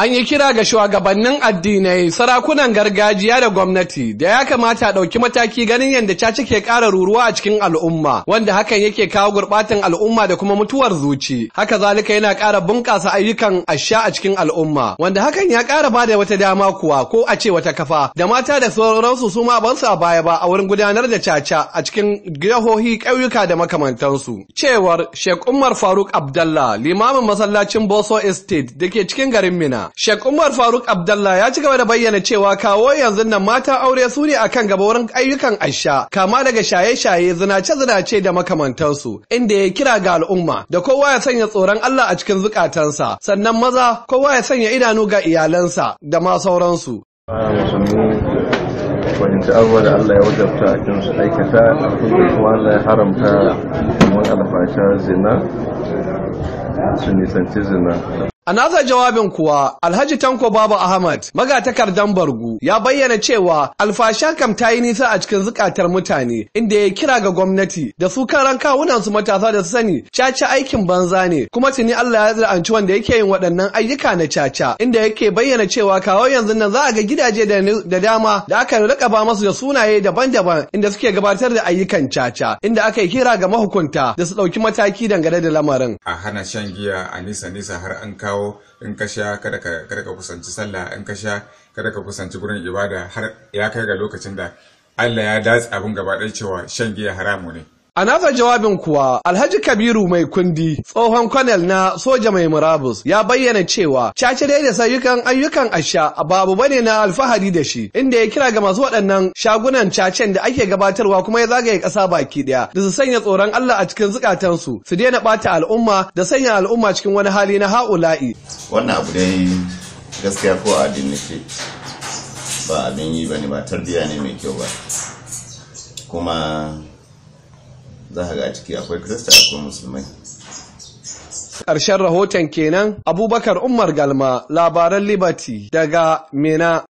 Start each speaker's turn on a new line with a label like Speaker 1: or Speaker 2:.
Speaker 1: An yi kira ga shugabannin addinai, sarakunan gargajiya da gwamnati da ya kamata a ɗauki mataki ganin yadda caci ke ƙara ruruwa a cikin al'umma, wanda hakan yake kawo gurɓatan al'umma da kuma mutuwar zuci. Haka zalika yana ƙara bunƙasa ayyukan asha a cikin al'umma, wanda hakan ya ƙara ba da wata dama kuwa ko a ce wata kafa. Da mata da sauransu su ma ban su a baya ba a wurin gudanar da caca a cikin jihohi, ƙauyuka da makamantansu. Cewar Sheikh Umar Faruk Abdullah limamin masallacin Boso Estate da ke cikin garin Mina. Sheikh Umar Faruk Abdullah ya ci gaba da bayyana cewa kawo yanzu nan mata aure su ne akan gaba wurin ayyukan aisha kama daga shaye-shaye zinace-zinace da makamantansu inda ya kira ga al'umma da kowa ya sanya tsoron Allah a cikin zukatansa sannan maza kowa ya sanya idanu ga iyalansa da ma sauransu.
Speaker 2: Wajinta abubuwa da Allah ya wajabta a cikin su aikata kuma Allah ya haramta kamar alfasha zina su nisanci zina
Speaker 1: A nasa jawabin kuwa Alhaji Tanko Baba Ahmad magatakardan Bargu ya bayyana cewa alfashan kam ta yi nisa a cikin zukatar mutane inda ya kira ga gwamnati da su karan kawunan su matasa da su sani caca aikin banza ne kuma tuni Allah ya zira'anci wanda yake yin waɗannan ayyuka na caca inda yake bayyana cewa kawo yanzu nan za a ga gidaje da dama da aka rika ba masu da sunaye daban-daban inda suke gabatar da ayyukan caca inda aka yi kira ga mahukunta da su ɗauki mataki dangane da lamarin. A
Speaker 2: hana shan giya a nisa-nisa har an kawo dawo in ka sha kada ka kusanci sallah in ka sha kada ka kusanci gurin ibada har ya kai ga lokacin da Allah ya datse abin gaba ɗaya cewa shan giya haramu ne
Speaker 1: A nasa jawabin kuwa Alhaji Kabiru mai kundi tsohon kwanel na soja mai murabus ya bayyana cewa cace-dai da sayukan ayyukan asha babu bane na alfahari da shi inda ya kira ga masu waɗannan shagunan cacen da ake gabatarwa kuma ya zagaye ƙasa baki ɗaya da su sanya tsoron Allah a cikin zukatansu su daina ɓata al'umma da sanya al'umma cikin wani hali na ha'ula'i. Wannan abu
Speaker 2: dai gaskiya ko addini nake ba abin yi ba ne ba tarbiyya ne mai kyau ba kuma za ga ciki akwai krista akwai musulmai
Speaker 1: ƙarshen rahoton kenan abubakar umar galma labaran liberty daga mena